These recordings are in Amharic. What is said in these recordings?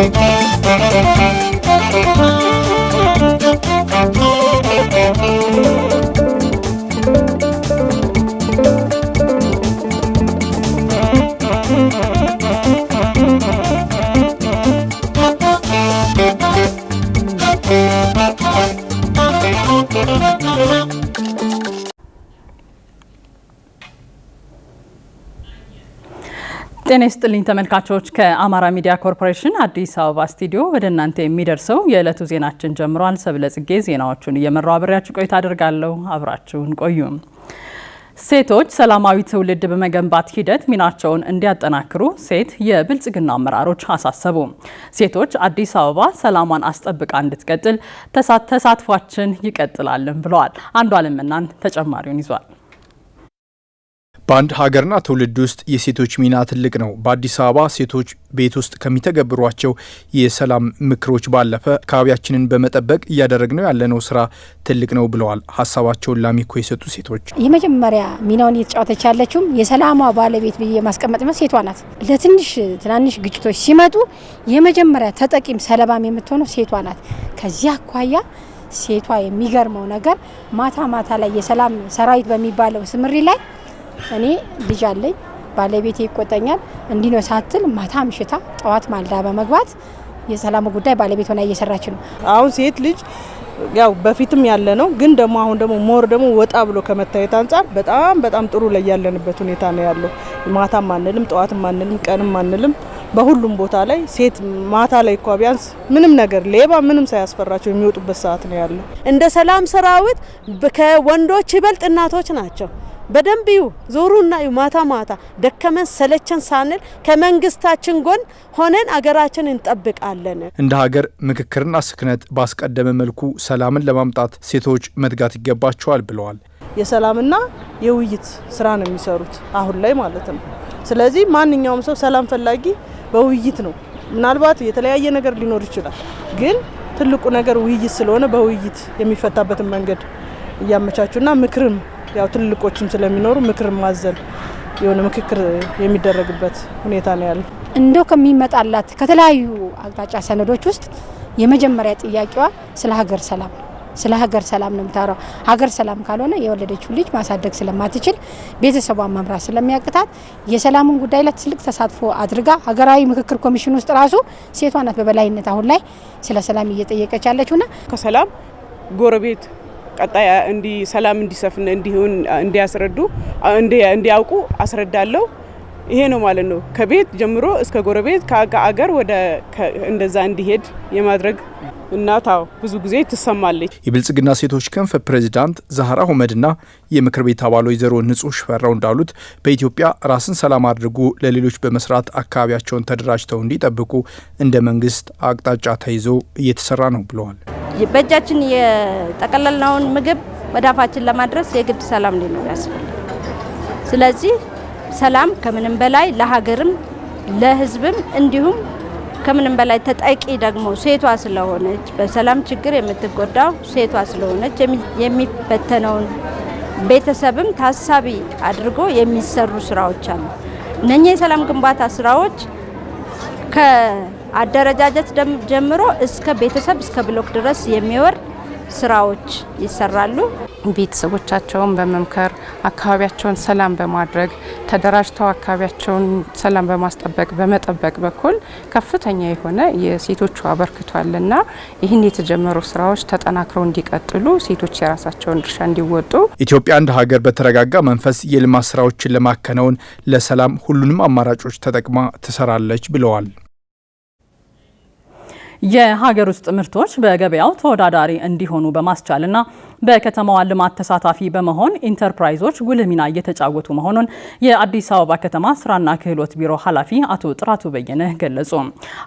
Thank you. ጤና ይስጥልኝ ተመልካቾች፣ ከአማራ ሚዲያ ኮርፖሬሽን አዲስ አበባ ስቱዲዮ ወደ እናንተ የሚደርሰው የዕለቱ ዜናችን ጀምሯል። ሰብለጽጌ ዜናዎቹን እየመራው አብሬያችሁ ቆይታ አድርጋለሁ። አብራችሁን ቆዩ። ሴቶች ሰላማዊ ትውልድ በመገንባት ሂደት ሚናቸውን እንዲያጠናክሩ ሴት የብልጽግና አመራሮች አሳሰቡ። ሴቶች አዲስ አበባ ሰላሟን አስጠብቃ እንድትቀጥል ተሳትፏችን ይቀጥላልን ብለዋል። አንዷለም እናን ተጨማሪውን ይዟል። በአንድ ሀገርና ትውልድ ውስጥ የሴቶች ሚና ትልቅ ነው። በአዲስ አበባ ሴቶች ቤት ውስጥ ከሚተገብሯቸው የሰላም ምክሮች ባለፈ አካባቢያችንን በመጠበቅ እያደረግነው ያለነው ስራ ትልቅ ነው ብለዋል። ሀሳባቸውን ላሚኮ የሰጡ ሴቶች የመጀመሪያ ሚናውን እየተጫወተች ያለችውም የሰላሟ ባለቤት ብዬ ማስቀመጥ ነው ሴቷ ናት። ለትንሽ ትናንሽ ግጭቶች ሲመጡ የመጀመሪያ ተጠቂም ሰለባም የምትሆነው ሴቷ ናት። ከዚህ አኳያ ሴቷ የሚገርመው ነገር ማታ ማታ ላይ የሰላም ሰራዊት በሚባለው ስምሪ ላይ እኔ ልጅ አለኝ፣ ባለቤቴ ይቆጠኛል እንዲህ ነው ሳትል ማታ ምሽታ ጠዋት ማልዳ በመግባት የሰላሙ ጉዳይ ባለቤት ሆና እየሰራች ነው። አሁን ሴት ልጅ ያው በፊትም ያለ ነው፣ ግን ደግሞ አሁን ደግሞ ሞር ደግሞ ወጣ ብሎ ከመታየት አንጻር በጣም በጣም ጥሩ ላይ ያለንበት ሁኔታ ነው ያለው። ማታም አንልም፣ ጠዋትም አንልም፣ ቀንም አንልም በሁሉም ቦታ ላይ ሴት ማታ ላይ እኳ ቢያንስ ምንም ነገር ሌባ ምንም ሳያስፈራቸው የሚወጡበት ሰዓት ነው ያለው። እንደ ሰላም ሰራዊት ከወንዶች ይበልጥ እናቶች ናቸው። በደንብ እዩ፣ ዞሩና እዩ። ማታ ማታ ደከመን ሰለቸን ሳንል ከመንግስታችን ጎን ሆነን አገራችን እንጠብቃለን። እንደ ሀገር ምክክርና ስክነት ባስቀደመ መልኩ ሰላምን ለማምጣት ሴቶች መትጋት ይገባቸዋል ብለዋል። የሰላምና የውይይት ስራ ነው የሚሰሩት አሁን ላይ ማለት ነው። ስለዚህ ማንኛውም ሰው ሰላም ፈላጊ በውይይት ነው። ምናልባት የተለያየ ነገር ሊኖር ይችላል፣ ግን ትልቁ ነገር ውይይት ስለሆነ በውይይት የሚፈታበትን መንገድ እያመቻቹና ምክርም ያው ትልልቆችም ስለሚኖሩ ምክር ማዘል የሆነ ምክክር የሚደረግበት ሁኔታ ነው ያለው። እንደው ከሚመጣላት ከተለያዩ አቅጣጫ ሰነዶች ውስጥ የመጀመሪያ ጥያቄዋ ስለ ሀገር ሰላም ነው። ስለ ሀገር ሰላም ነው የምታወራው። ሀገር ሰላም ካልሆነ የወለደችው ልጅ ማሳደግ ስለማትችል ቤተሰቧን መምራት ስለሚያቅታት የሰላሙን ጉዳይ ላይ ትልቅ ተሳትፎ አድርጋ ሀገራዊ ምክክር ኮሚሽን ውስጥ ራሱ ሴቷ ናት በበላይነት አሁን ላይ ስለ ሰላም እየጠየቀች ያለችውና ከሰላም ጎረቤት ቀጣይ እንዲ ሰላም እንዲሰፍን እንዲሁን እንዲያስረዱ እንዲያውቁ አስረዳለሁ። ይሄ ነው ማለት ነው። ከቤት ጀምሮ እስከ ጎረቤት ከአገር ወደ እንደዛ እንዲሄድ የማድረግ እናታው ብዙ ጊዜ ትሰማለች። የብልጽግና ሴቶች ክንፍ ፕሬዚዳንት ዛህራ ሁመድና የምክር ቤት አባል ወይዘሮ ንጹህ ሽፈራው እንዳሉት በኢትዮጵያ ራስን ሰላም አድርጉ ለሌሎች በመስራት አካባቢያቸውን ተደራጅተው እንዲጠብቁ እንደ መንግስት አቅጣጫ ተይዞ እየተሰራ ነው ብለዋል። በእጃችን የጠቀለልነውን ምግብ ወደ አፋችን ለማድረስ የግድ ሰላም ሊኖር ያስፈልጋል። ስለዚህ ሰላም ከምንም በላይ ለሀገርም ለሕዝብም እንዲሁም ከምንም በላይ ተጠቂ ደግሞ ሴቷ ስለሆነች በሰላም ችግር የምትጎዳው ሴቷ ስለሆነች የሚበተነውን ቤተሰብም ታሳቢ አድርጎ የሚሰሩ ስራዎች አሉ። እነኚህ የሰላም ግንባታ ስራዎች አደረጃጀት ጀምሮ እስከ ቤተሰብ እስከ ብሎክ ድረስ የሚወርድ ስራዎች ይሰራሉ። ቤተሰቦቻቸውን በመምከር አካባቢያቸውን ሰላም በማድረግ ተደራጅተው አካባቢያቸውን ሰላም በማስጠበቅ በመጠበቅ በኩል ከፍተኛ የሆነ የሴቶቹ አበርክቷልና ይህን የተጀመሩ ስራዎች ተጠናክረው እንዲቀጥሉ ሴቶች የራሳቸውን ድርሻ እንዲወጡ ኢትዮጵያ እንደ ሀገር በተረጋጋ መንፈስ የልማት ስራዎችን ለማከናወን ለሰላም ሁሉንም አማራጮች ተጠቅማ ትሰራለች ብለዋል። የሀገር ውስጥ ምርቶች በገበያው ተወዳዳሪ እንዲሆኑ በማስቻልና በከተማዋ ልማት ተሳታፊ በመሆን ኢንተርፕራይዞች ጉልህ ሚና እየተጫወቱ መሆኑን የአዲስ አበባ ከተማ ስራና ክህሎት ቢሮ ኃላፊ አቶ ጥራቱ በየነ ገለጹ።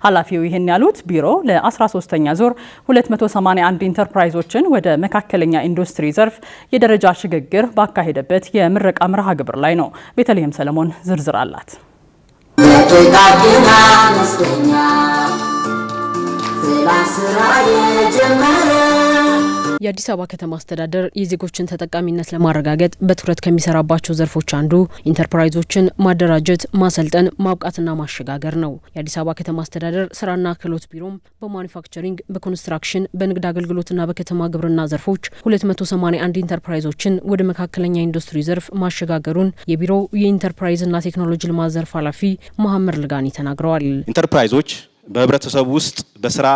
ኃላፊው ይህን ያሉት ቢሮ ለ13ኛ ዙር 281 ኢንተርፕራይዞችን ወደ መካከለኛ ኢንዱስትሪ ዘርፍ የደረጃ ሽግግር ባካሄደበት የምረቃ መርሃ ግብር ላይ ነው። ቤተልሔም ሰለሞን ዝርዝር አላት። የአዲስ አበባ ከተማ አስተዳደር የዜጎችን ተጠቃሚነት ለማረጋገጥ በትኩረት ከሚሰራባቸው ዘርፎች አንዱ ኢንተርፕራይዞችን ማደራጀት፣ ማሰልጠን፣ ማብቃትና ማሸጋገር ነው። የአዲስ አበባ ከተማ አስተዳደር ስራና ክህሎት ቢሮም በማኒፋክቸሪንግ፣ በኮንስትራክሽን፣ በንግድ አገልግሎትና በከተማ ግብርና ዘርፎች 281 ኢንተርፕራይዞችን ወደ መካከለኛ ኢንዱስትሪ ዘርፍ ማሸጋገሩን የቢሮው የኢንተርፕራይዝና ቴክኖሎጂ ልማት ዘርፍ ኃላፊ መሀመድ ልጋኒ ተናግረዋል። ኢንተርፕራይዞች በህብረተሰቡ ውስጥ በስራ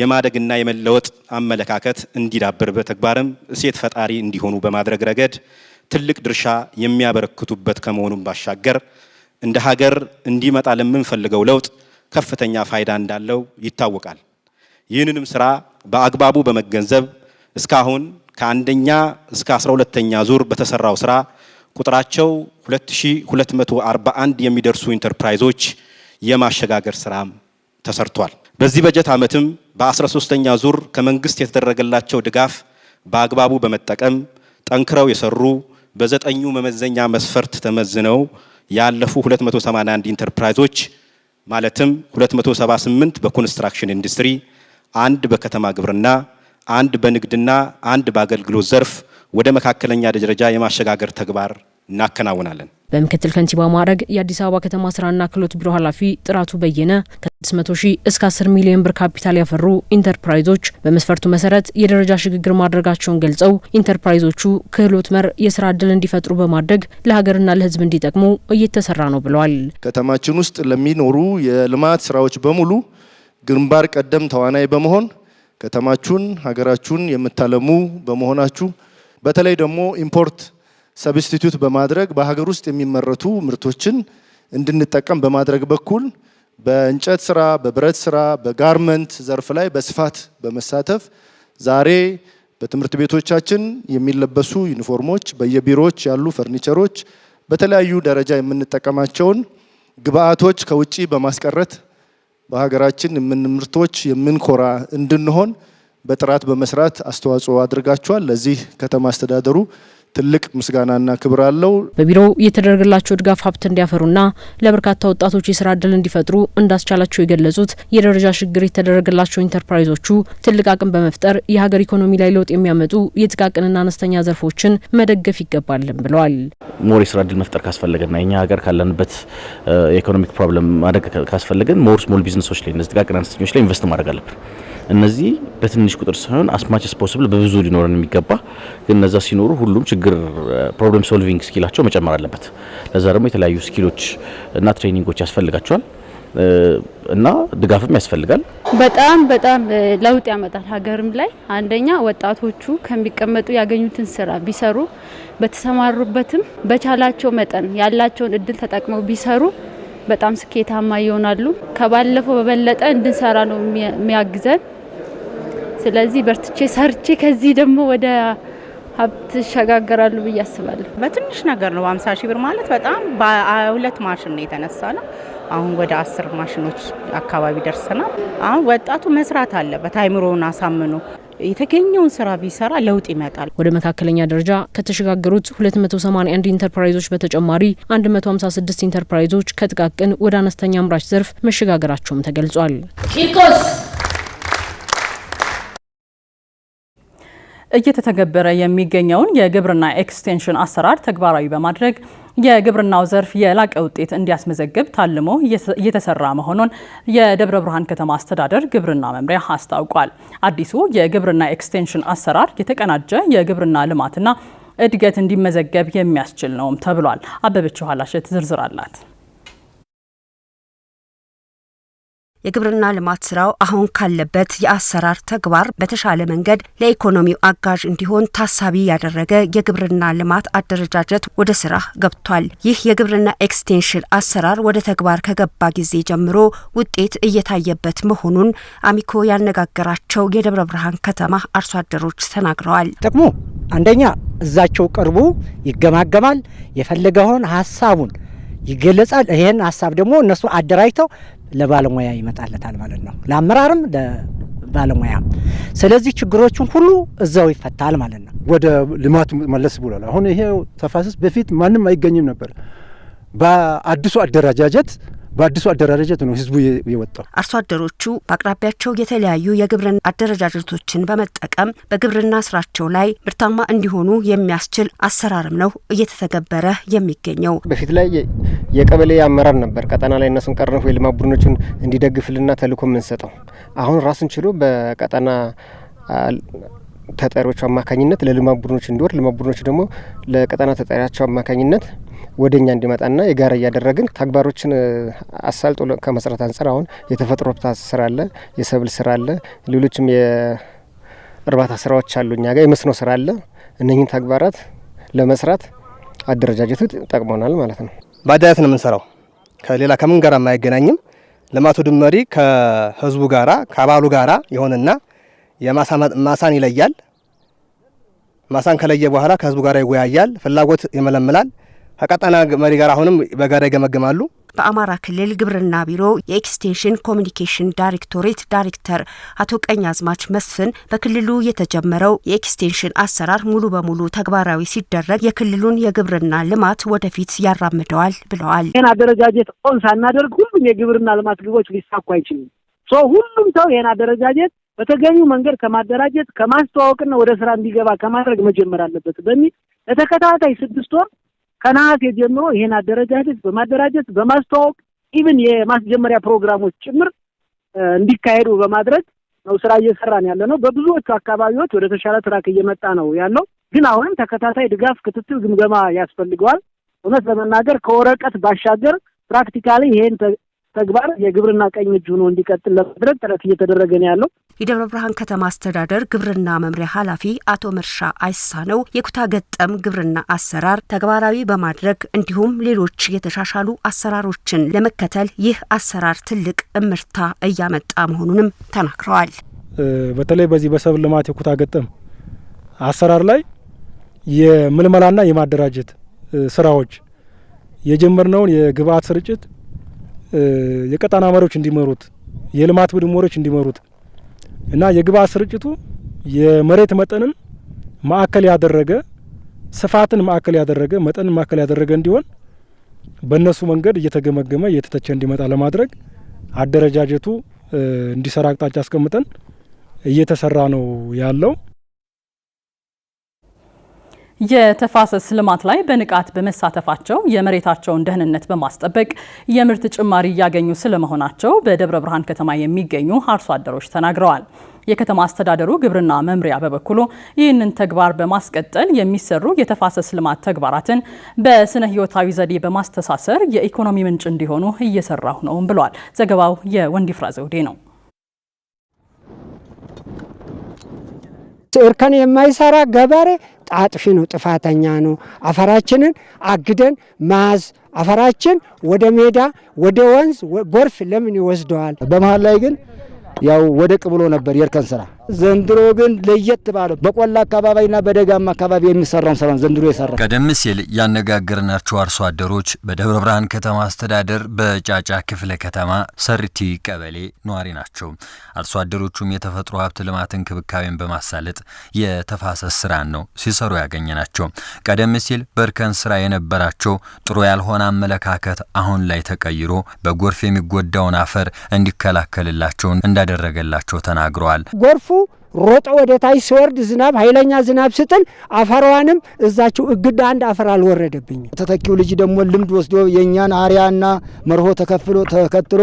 የማደግና የመለወጥ አመለካከት እንዲዳብር በተግባርም እሴት ፈጣሪ እንዲሆኑ በማድረግ ረገድ ትልቅ ድርሻ የሚያበረክቱበት ከመሆኑም ባሻገር እንደ ሀገር እንዲመጣ ለምንፈልገው ለውጥ ከፍተኛ ፋይዳ እንዳለው ይታወቃል። ይህንንም ስራ በአግባቡ በመገንዘብ እስካሁን ከአንደኛ እስከ 12 ሁለተኛ ዙር በተሰራው ስራ ቁጥራቸው 2241 የሚደርሱ ኢንተርፕራይዞች የማሸጋገር ስራም ተሰርቷል። በዚህ በጀት ዓመትም በ13ኛ ዙር ከመንግስት የተደረገላቸው ድጋፍ በአግባቡ በመጠቀም ጠንክረው የሰሩ በዘጠኙ መመዘኛ መስፈርት ተመዝነው ያለፉ 281 ኢንተርፕራይዞች ማለትም 278 በኮንስትራክሽን ኢንዱስትሪ፣ አንድ በከተማ ግብርና፣ አንድ በንግድና አንድ በአገልግሎት ዘርፍ ወደ መካከለኛ ደረጃ የማሸጋገር ተግባር እናከናውናለን። በምክትል ከንቲባ ማዕረግ የአዲስ አበባ ከተማ ስራና ክህሎት ቢሮ ኃላፊ ጥራቱ በየነ ከ600 ሺህ እስከ 10 ሚሊዮን ብር ካፒታል ያፈሩ ኢንተርፕራይዞች በመስፈርቱ መሰረት የደረጃ ሽግግር ማድረጋቸውን ገልጸው ኢንተርፕራይዞቹ ክህሎት መር የስራ እድል እንዲፈጥሩ በማድረግ ለሀገርና ለሕዝብ እንዲጠቅሙ እየተሰራ ነው ብለዋል። ከተማችን ውስጥ ለሚኖሩ የልማት ስራዎች በሙሉ ግንባር ቀደም ተዋናይ በመሆን ከተማችሁን ሀገራችሁን የምታለሙ በመሆናችሁ በተለይ ደግሞ ኢምፖርት ሰብስቲቱት በማድረግ በሀገር ውስጥ የሚመረቱ ምርቶችን እንድንጠቀም በማድረግ በኩል በእንጨት ስራ፣ በብረት ስራ፣ በጋርመንት ዘርፍ ላይ በስፋት በመሳተፍ ዛሬ በትምህርት ቤቶቻችን የሚለበሱ ዩኒፎርሞች፣ በየቢሮዎች ያሉ ፈርኒቸሮች፣ በተለያዩ ደረጃ የምንጠቀማቸውን ግብአቶች ከውጭ በማስቀረት በሀገራችን የምንምርቶች የምንኮራ እንድንሆን በጥራት በመስራት አስተዋጽኦ አድርጋችኋል። ለዚህ ከተማ አስተዳደሩ ትልቅ ምስጋናና ክብር አለው። በቢሮው የተደረገላቸው ድጋፍ ሀብት እንዲያፈሩና ለበርካታ ወጣቶች የስራ እድል እንዲፈጥሩ እንዳስቻላቸው የገለጹት የደረጃ ሽግግር የተደረገላቸው ኢንተርፕራይዞቹ ትልቅ አቅም በመፍጠር የሀገር ኢኮኖሚ ላይ ለውጥ የሚያመጡ የጥቃቅንና አነስተኛ ዘርፎችን መደገፍ ይገባልን ብለዋል። ሞር የስራ እድል መፍጠር ካስፈለገና የኛ ሀገር ካለንበት የኢኮኖሚክ ፕሮብለም ማደግ ካስፈለገን ሞር ስሞል ቢዝነሶች ላይ እነዚህ ጥቃቅን አነስተኞች ላይ ኢንቨስት ማድረግ አለብን። እነዚህ በትንሽ ቁጥር ሳይሆን አስማች ስፖስብል በብዙ ሊኖረን የሚገባ ግን እነዛ ሲኖሩ ሁሉም ችግር ፕሮብለም ሶልቪንግ ስኪላቸው መጨመር አለበት። ለዛ ደግሞ የተለያዩ ስኪሎች እና ትሬኒንጎች ያስፈልጋቸዋል uh, እና ድጋፍም ያስፈልጋል። በጣም በጣም uh, ለውጥ ያመጣል ሀገርም ላይ አንደኛ ወጣቶቹ ከሚቀመጡ ያገኙትን ስራ ቢሰሩ፣ በተሰማሩበትም በቻላቸው መጠን ያላቸውን እድል ተጠቅመው ቢሰሩ በጣም ስኬታማ ይሆናሉ። ከባለፈው በበለጠ እንድንሰራ ነው የሚያግዘን። ስለዚህ በርትቼ ሰርቼ ከዚህ ደግሞ ወደ ሀብት ይሸጋገራሉ ብዬ አስባለሁ። በትንሽ ነገር ነው ሀምሳ ሺህ ብር ማለት በጣም በሁለት ማሽን ነው የተነሳ ነው። አሁን ወደ አስር ማሽኖች አካባቢ ደርሰናል። አሁን ወጣቱ መስራት አለበት አይምሮውን አሳምኖ የተገኘውን ስራ ቢሰራ ለውጥ ይመጣል። ወደ መካከለኛ ደረጃ ከተሸጋገሩት 281 ኢንተርፕራይዞች በተጨማሪ 156 ኢንተርፕራይዞች ከጥቃቅን ወደ አነስተኛ አምራች ዘርፍ መሸጋገራቸውም ተገልጿል። ቂርቆስ እየተተገበረ የሚገኘውን የግብርና ኤክስቴንሽን አሰራር ተግባራዊ በማድረግ የግብርናው ዘርፍ የላቀ ውጤት እንዲያስመዘግብ ታልሞ እየተሰራ መሆኑን የደብረ ብርሃን ከተማ አስተዳደር ግብርና መምሪያ አስታውቋል። አዲሱ የግብርና ኤክስቴንሽን አሰራር የተቀናጀ የግብርና ልማትና እድገት እንዲመዘገብ የሚያስችል ነውም ተብሏል። አበበች ኋላሸት ዝርዝር አላት። የግብርና ልማት ስራው አሁን ካለበት የአሰራር ተግባር በተሻለ መንገድ ለኢኮኖሚው አጋዥ እንዲሆን ታሳቢ ያደረገ የግብርና ልማት አደረጃጀት ወደ ስራ ገብቷል። ይህ የግብርና ኤክስቴንሽን አሰራር ወደ ተግባር ከገባ ጊዜ ጀምሮ ውጤት እየታየበት መሆኑን አሚኮ ያነጋገራቸው የደብረ ብርሃን ከተማ አርሶ አደሮች ተናግረዋል። ጥቅሙ አንደኛ እዛቸው ቀርቦ ይገማገማል። የፈለገውን ሀሳቡን ይገለጻል። ይህን ሀሳብ ደግሞ እነሱ አደራጅተው ለባለሙያ ይመጣለታል ማለት ነው፣ ለአመራርም ለባለሙያም። ስለዚህ ችግሮችን ሁሉ እዛው ይፈታል ማለት ነው። ወደ ልማቱ መለስ ብሏል። አሁን ይሄ ተፋሰስ በፊት ማንም አይገኝም ነበር። በአዲሱ አደረጃጀት በአዲሱ አደራረጀት ነው ህዝቡ የወጣው። አርሶ አደሮቹ በአቅራቢያቸው የተለያዩ የግብርና አደረጃጀቶችን በመጠቀም በግብርና ስራቸው ላይ ምርታማ እንዲሆኑ የሚያስችል አሰራርም ነው እየተተገበረ የሚገኘው። በፊት ላይ የቀበሌ አመራር ነበር ቀጠና ላይ እነሱን ቀርንፎ የልማት ቡድኖችን እንዲደግፍልና ተልእኮ የምንሰጠው አሁን ራሱን ችሎ በቀጠና ተጠሪዎቹ አማካኝነት ለልማት ቡድኖች እንዲወር ልማት ቡድኖች ደግሞ ለቀጠና ተጠሪያቸው አማካኝነት ወደ እኛ እንዲመጣና የጋራ እያደረግን ተግባሮችን አሳልጦ ከመስራት አንጻር አሁን የተፈጥሮ ሀብት ስራ አለ፣ የሰብል ስራ አለ፣ ሌሎችም የእርባታ ስራዎች አሉ። እኛ ጋር የመስኖ ስራ አለ። እነኝን ተግባራት ለመስራት አደረጃጀቱ ጠቅሞናል ማለት ነው። በአደራጀት ነው የምንሰራው። ከሌላ ከምን ጋር የማይገናኝም። ልማቱ ድመሪ ከህዝቡ ጋራ ከአባሉ ጋራ የሆነና የማሳን ይለያል። ማሳን ከለየ በኋላ ከህዝቡ ጋር ይወያያል፣ ፍላጎት ይመለምላል። ከቀጠና መሪ ጋር አሁንም በጋራ ይገመግማሉ። በአማራ ክልል ግብርና ቢሮ የኤክስቴንሽን ኮሚኒኬሽን ዳይሬክቶሬት ዳይሬክተር አቶ አዝማች መስፍን በክልሉ የተጀመረው የኤክስቴንሽን አሰራር ሙሉ በሙሉ ተግባራዊ ሲደረግ የክልሉን የግብርና ልማት ወደፊት ያራምደዋል ብለዋል። ይህን አደረጃጀት ኦን ሳናደርግ ሁሉም የግብርና ልማት ግቦች ሊሳኩ አይችልም። ሰው ሁሉም ሰው ይህን አደረጃጀት በተገቢው መንገድ ከማደራጀት ከማስተዋወቅና ወደ ስራ እንዲገባ ከማድረግ መጀመር አለበት በሚል ለተከታታይ ስድስት ወር ከነሐሴ ጀምሮ ይህን አደረጃጀት በማደራጀት በማስተዋወቅ ኢቭን የማስጀመሪያ ፕሮግራሞች ጭምር እንዲካሄዱ በማድረግ ነው ስራ እየሰራን ያለ ነው። በብዙዎቹ አካባቢዎች ወደ ተሻለ ትራክ እየመጣ ነው ያለው። ግን አሁንም ተከታታይ ድጋፍ፣ ክትትል፣ ግምገማ ያስፈልገዋል። እውነት ለመናገር ከወረቀት ባሻገር ፕራክቲካሊ ይሄን ተግባር የግብርና ቀኝ እጅ ሆኖ እንዲቀጥል ለማድረግ ጥረት እየተደረገ ነው ያለው። የደብረ ብርሃን ከተማ አስተዳደር ግብርና መምሪያ ኃላፊ አቶ መርሻ አይሳ ነው። የኩታ ገጠም ግብርና አሰራር ተግባራዊ በማድረግ እንዲሁም ሌሎች የተሻሻሉ አሰራሮችን ለመከተል ይህ አሰራር ትልቅ እምርታ እያመጣ መሆኑንም ተናግረዋል። በተለይ በዚህ በሰብል ልማት የኩታ ገጠም አሰራር ላይ የምልመላና የማደራጀት ስራዎች የጀመርነውን የግብአት ስርጭት የቀጣና መሪዎች እንዲመሩት፣ የልማት ቡድን መሪዎች እንዲመሩት እና የግብዓት ስርጭቱ የመሬት መጠንን ማዕከል ያደረገ ስፋትን ማዕከል ያደረገ መጠንን ማዕከል ያደረገ እንዲሆን በእነሱ መንገድ እየተገመገመ እየተተቸ እንዲመጣ ለማድረግ አደረጃጀቱ እንዲሰራ አቅጣጫ አስቀምጠን እየተሰራ ነው ያለው። የተፋሰስ ልማት ላይ በንቃት በመሳተፋቸው የመሬታቸውን ደህንነት በማስጠበቅ የምርት ጭማሪ እያገኙ ስለመሆናቸው በደብረ ብርሃን ከተማ የሚገኙ አርሶ አደሮች ተናግረዋል። የከተማ አስተዳደሩ ግብርና መምሪያ በበኩሉ ይህንን ተግባር በማስቀጠል የሚሰሩ የተፋሰስ ልማት ተግባራትን በስነ ሕይወታዊ ዘዴ በማስተሳሰር የኢኮኖሚ ምንጭ እንዲሆኑ እየሰራሁ ነውም ብሏል። ዘገባው የወንዲፍራ ዘውዴ ነው። እርከን የማይሰራ ገበሬ አጥፊ ነው፣ ጥፋተኛ ነው። አፈራችንን አግደን ማዝ አፈራችን ወደ ሜዳ፣ ወደ ወንዝ፣ ጎርፍ ለምን ይወስደዋል? በመሀል ላይ ግን ያው ወደቅ ብሎ ነበር የእርከን ስራ ዘንድሮ ግን ለየት ባለው በቆላ አካባቢና በደጋማ አካባቢ የሚሰራውን ስራ ዘንድሮ የሰራ ቀደም ሲል ያነጋገርናቸው አርሶ አደሮች በደብረ ብርሃን ከተማ አስተዳደር በጫጫ ክፍለ ከተማ ሰርቲ ቀበሌ ነዋሪ ናቸው። አርሶ አደሮቹም የተፈጥሮ ሀብት ልማት እንክብካቤን በማሳለጥ የተፋሰስ ስራን ነው ሲሰሩ ያገኘ ናቸው። ቀደም ሲል በእርከን ስራ የነበራቸው ጥሩ ያልሆነ አመለካከት አሁን ላይ ተቀይሮ በጎርፍ የሚጎዳውን አፈር እንዲከላከልላቸው እንዳደረገላቸው ተናግረዋል። ጎርፉ ሮጠ ወደ ታች ሲወርድ ዝናብ ኃይለኛ ዝናብ ስጥል አፈሯንም እዛችው እግዳ አንድ አፈር አልወረደብኝም። ተተኪው ልጅ ደግሞ ልምድ ወስዶ የእኛን አሪያና መርሆ ተከፍሎ ተከትሎ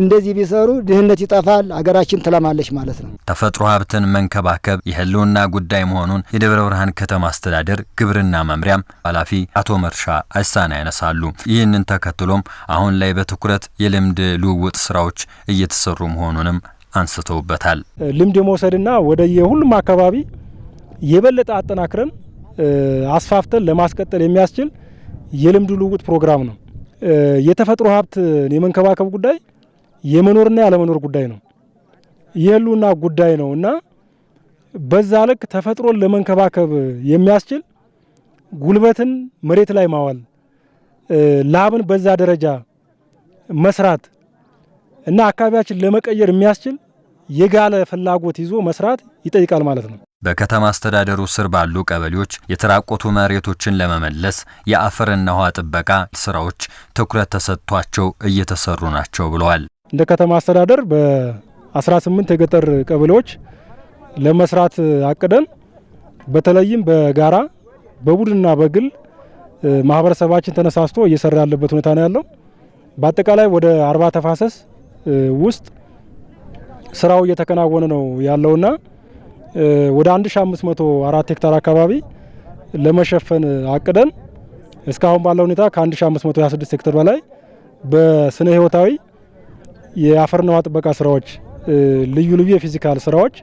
እንደዚህ ቢሰሩ ድህነት ይጠፋል፣ አገራችን ትለማለች ማለት ነው። ተፈጥሮ ሀብትን መንከባከብ የህልውና ጉዳይ መሆኑን የደብረ ብርሃን ከተማ አስተዳደር ግብርና መምሪያም ኃላፊ አቶ መርሻ አይሳን ያነሳሉ። ይህንን ተከትሎም አሁን ላይ በትኩረት የልምድ ልውውጥ ስራዎች እየተሰሩ መሆኑንም አንስተውበታል። ልምድ የመውሰድና ወደየ ሁሉም አካባቢ የበለጠ አጠናክረን አስፋፍተን ለማስቀጠል የሚያስችል የልምድ ልውውጥ ፕሮግራም ነው። የተፈጥሮ ሀብት የመንከባከብ ጉዳይ የመኖርና ያለመኖር ጉዳይ ነው። የህልውና ጉዳይ ነው እና በዛ ልክ ተፈጥሮን ለመንከባከብ የሚያስችል ጉልበትን መሬት ላይ ማዋል፣ ላብን በዛ ደረጃ መስራት እና አካባቢያችን ለመቀየር የሚያስችል የጋለ ፍላጎት ይዞ መስራት ይጠይቃል ማለት ነው። በከተማ አስተዳደሩ ስር ባሉ ቀበሌዎች የተራቆቱ መሬቶችን ለመመለስ የአፈርና ውሃ ጥበቃ ስራዎች ትኩረት ተሰጥቷቸው እየተሰሩ ናቸው ብለዋል። እንደ ከተማ አስተዳደር በ18 የገጠር ቀበሌዎች ለመስራት አቅደን በተለይም በጋራ በቡድንና በግል ማህበረሰባችን ተነሳስቶ እየሰራ ያለበት ሁኔታ ነው ያለው። በአጠቃላይ ወደ አርባ ተፋሰስ ውስጥ ስራው እየተከናወነ ነው ያለውና ወደ 1504 ሄክታር አካባቢ ለመሸፈን አቅደን እስካሁን ባለው ሁኔታ ከ1526 ሄክታር በላይ በስነ ህይወታዊ የአፈርና ውሃ ጥበቃ ስራዎች፣ ልዩ ልዩ የፊዚካል ስራዎች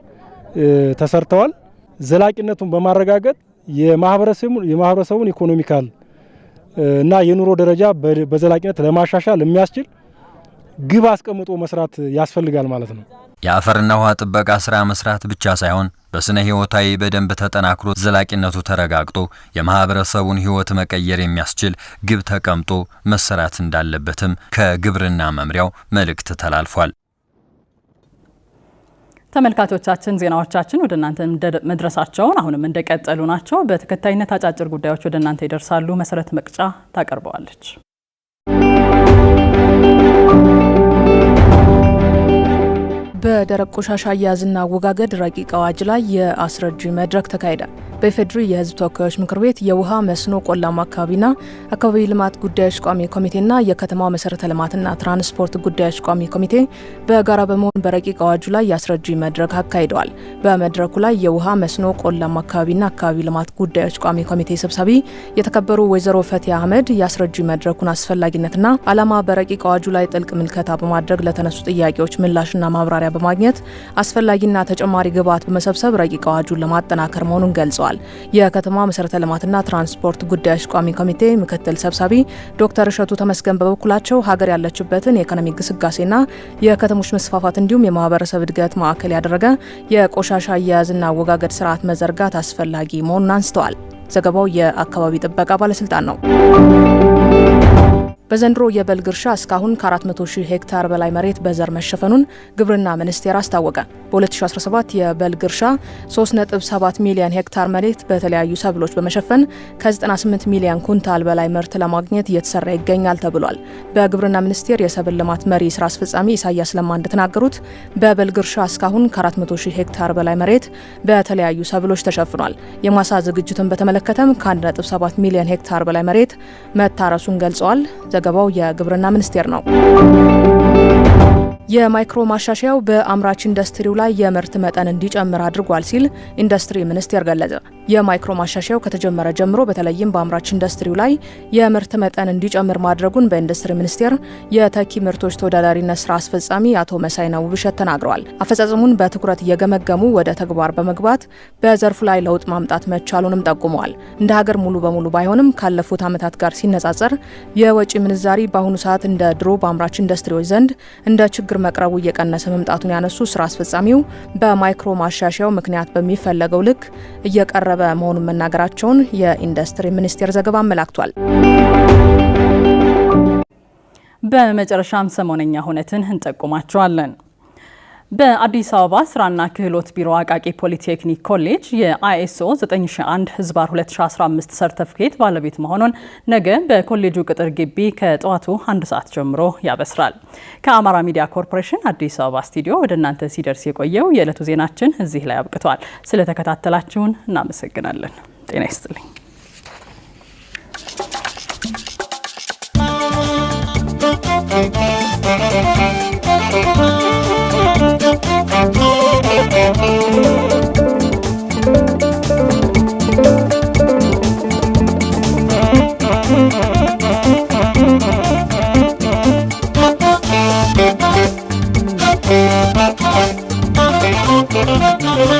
ተሰርተዋል። ዘላቂነቱን በማረጋገጥ የማህበረሰቡን ኢኮኖሚካል እና የኑሮ ደረጃ በዘላቂነት ለማሻሻል የሚያስችል ግብ አስቀምጦ መስራት ያስፈልጋል ማለት ነው። የአፈርና ውሃ ጥበቃ ስራ መስራት ብቻ ሳይሆን በስነ ህይወታዊ በደንብ ተጠናክሮ ዘላቂነቱ ተረጋግጦ የማህበረሰቡን ህይወት መቀየር የሚያስችል ግብ ተቀምጦ መሰራት እንዳለበትም ከግብርና መምሪያው መልእክት ተላልፏል። ተመልካቾቻችን ዜናዎቻችን ወደ እናንተ መድረሳቸውን አሁንም እንደቀጠሉ ናቸው። በተከታይነት አጫጭር ጉዳዮች ወደ እናንተ ይደርሳሉ። መሰረት መቅጫ ታቀርበዋለች። በደረቅ ቆሻሻ አያያዝና አወጋገድ ረቂቅ አዋጅ ላይ የአስረጂ መድረክ ተካሄደ። በኢፌዴሪ የሕዝብ ተወካዮች ምክር ቤት የውሃ መስኖ፣ ቆላማ አካባቢና አካባቢ ልማት ጉዳዮች ቋሚ ኮሚቴና የከተማ መሰረተ ልማትና ትራንስፖርት ጉዳዮች ቋሚ ኮሚቴ በጋራ በመሆን በረቂቅ አዋጁ ላይ የአስረጂ መድረክ አካሂደዋል። በመድረኩ ላይ የውሃ መስኖ፣ ቆላማ አካባቢና አካባቢ ልማት ጉዳዮች ቋሚ ኮሚቴ ሰብሳቢ የተከበሩ ወይዘሮ ፈትያ አህመድ የአስረጂ መድረኩን አስፈላጊነትና ዓላማ በረቂቅ አዋጁ ላይ ጥልቅ ምልከታ በማድረግ ለተነሱ ጥያቄዎች ምላሽና ማብራሪያ ማብራሪያ በማግኘት አስፈላጊና ተጨማሪ ግብዓት በመሰብሰብ ረቂቅ አዋጁን ለማጠናከር መሆኑን ገልጸዋል። የከተማ መሰረተ ልማትና ትራንስፖርት ጉዳዮች ቋሚ ኮሚቴ ምክትል ሰብሳቢ ዶክተር እሸቱ ተመስገን በበኩላቸው ሀገር ያለችበትን የኢኮኖሚ ግስጋሴና የከተሞች መስፋፋት እንዲሁም የማህበረሰብ እድገት ማዕከል ያደረገ የቆሻሻ አያያዝና አወጋገድ ስርዓት መዘርጋት አስፈላጊ መሆኑን አንስተዋል። ዘገባው የአካባቢ ጥበቃ ባለስልጣን ነው። በዘንድሮ የበልግ እርሻ እስካሁን ከ400 ሺህ ሄክታር በላይ መሬት በዘር መሸፈኑን ግብርና ሚኒስቴር አስታወቀ። በ2017 የበልግ እርሻ 3.7 ሚሊዮን ሄክታር መሬት በተለያዩ ሰብሎች በመሸፈን ከ98 ሚሊዮን ኩንታል በላይ ምርት ለማግኘት እየተሰራ ይገኛል ተብሏል። በግብርና ሚኒስቴር የሰብል ልማት መሪ ስራ አስፈጻሚ ኢሳያስ ለማ እንደተናገሩት በበልግ እርሻ እስካሁን ከ400 ሺህ ሄክታር በላይ መሬት በተለያዩ ሰብሎች ተሸፍኗል። የማሳ ዝግጅትን በተመለከተም ከ1.7 ሚሊዮን ሄክታር በላይ መሬት መታረሱን ገልጸዋል። ዘገባው የግብርና ሚኒስቴር ነው። የማይክሮ ማሻሻያው በአምራች ኢንዱስትሪው ላይ የምርት መጠን እንዲጨምር አድርጓል ሲል ኢንዱስትሪ ሚኒስቴር ገለጸ። የማይክሮ ማሻሻያው ከተጀመረ ጀምሮ በተለይም በአምራች ኢንዱስትሪው ላይ የምርት መጠን እንዲጨምር ማድረጉን በኢንዱስትሪ ሚኒስቴር የተኪ ምርቶች ተወዳዳሪነት ስራ አስፈጻሚ አቶ መሳይና ውብሸት ተናግረዋል። አፈጻጸሙን በትኩረት እየገመገሙ ወደ ተግባር በመግባት በዘርፉ ላይ ለውጥ ማምጣት መቻሉንም ጠቁመዋል። እንደ ሀገር ሙሉ በሙሉ ባይሆንም ካለፉት ዓመታት ጋር ሲነጻጸር የወጪ ምንዛሪ በአሁኑ ሰዓት እንደ ድሮ በአምራች ኢንዱስትሪዎች ዘንድ እንደ ችግር መቅረቡ እየቀነሰ መምጣቱን ያነሱ ስራ አስፈጻሚው በማይክሮ ማሻሻያው ምክንያት በሚፈለገው ልክ እየቀረበ በመሆኑ መናገራቸውን የኢንዱስትሪ ሚኒስቴር ዘገባ አመላክቷል። በመጨረሻም ሰሞነኛ ሁነትን እንጠቁማቸዋለን። በአዲስ አበባ ስራና ክህሎት ቢሮ አቃቂ ፖሊቴክኒክ ኮሌጅ የአይኤስኦ 9001 ህዝባር 2015 ሰርተፍኬት ባለቤት መሆኑን ነገ በኮሌጁ ቅጥር ግቢ ከጠዋቱ አንድ ሰዓት ጀምሮ ያበስራል። ከአማራ ሚዲያ ኮርፖሬሽን አዲስ አበባ ስቱዲዮ ወደ እናንተ ሲደርስ የቆየው የዕለቱ ዜናችን እዚህ ላይ አብቅቷል። ስለተከታተላችሁን እናመሰግናለን። ጤና ይስጥልኝ። Thank you. Oh, oh, oh.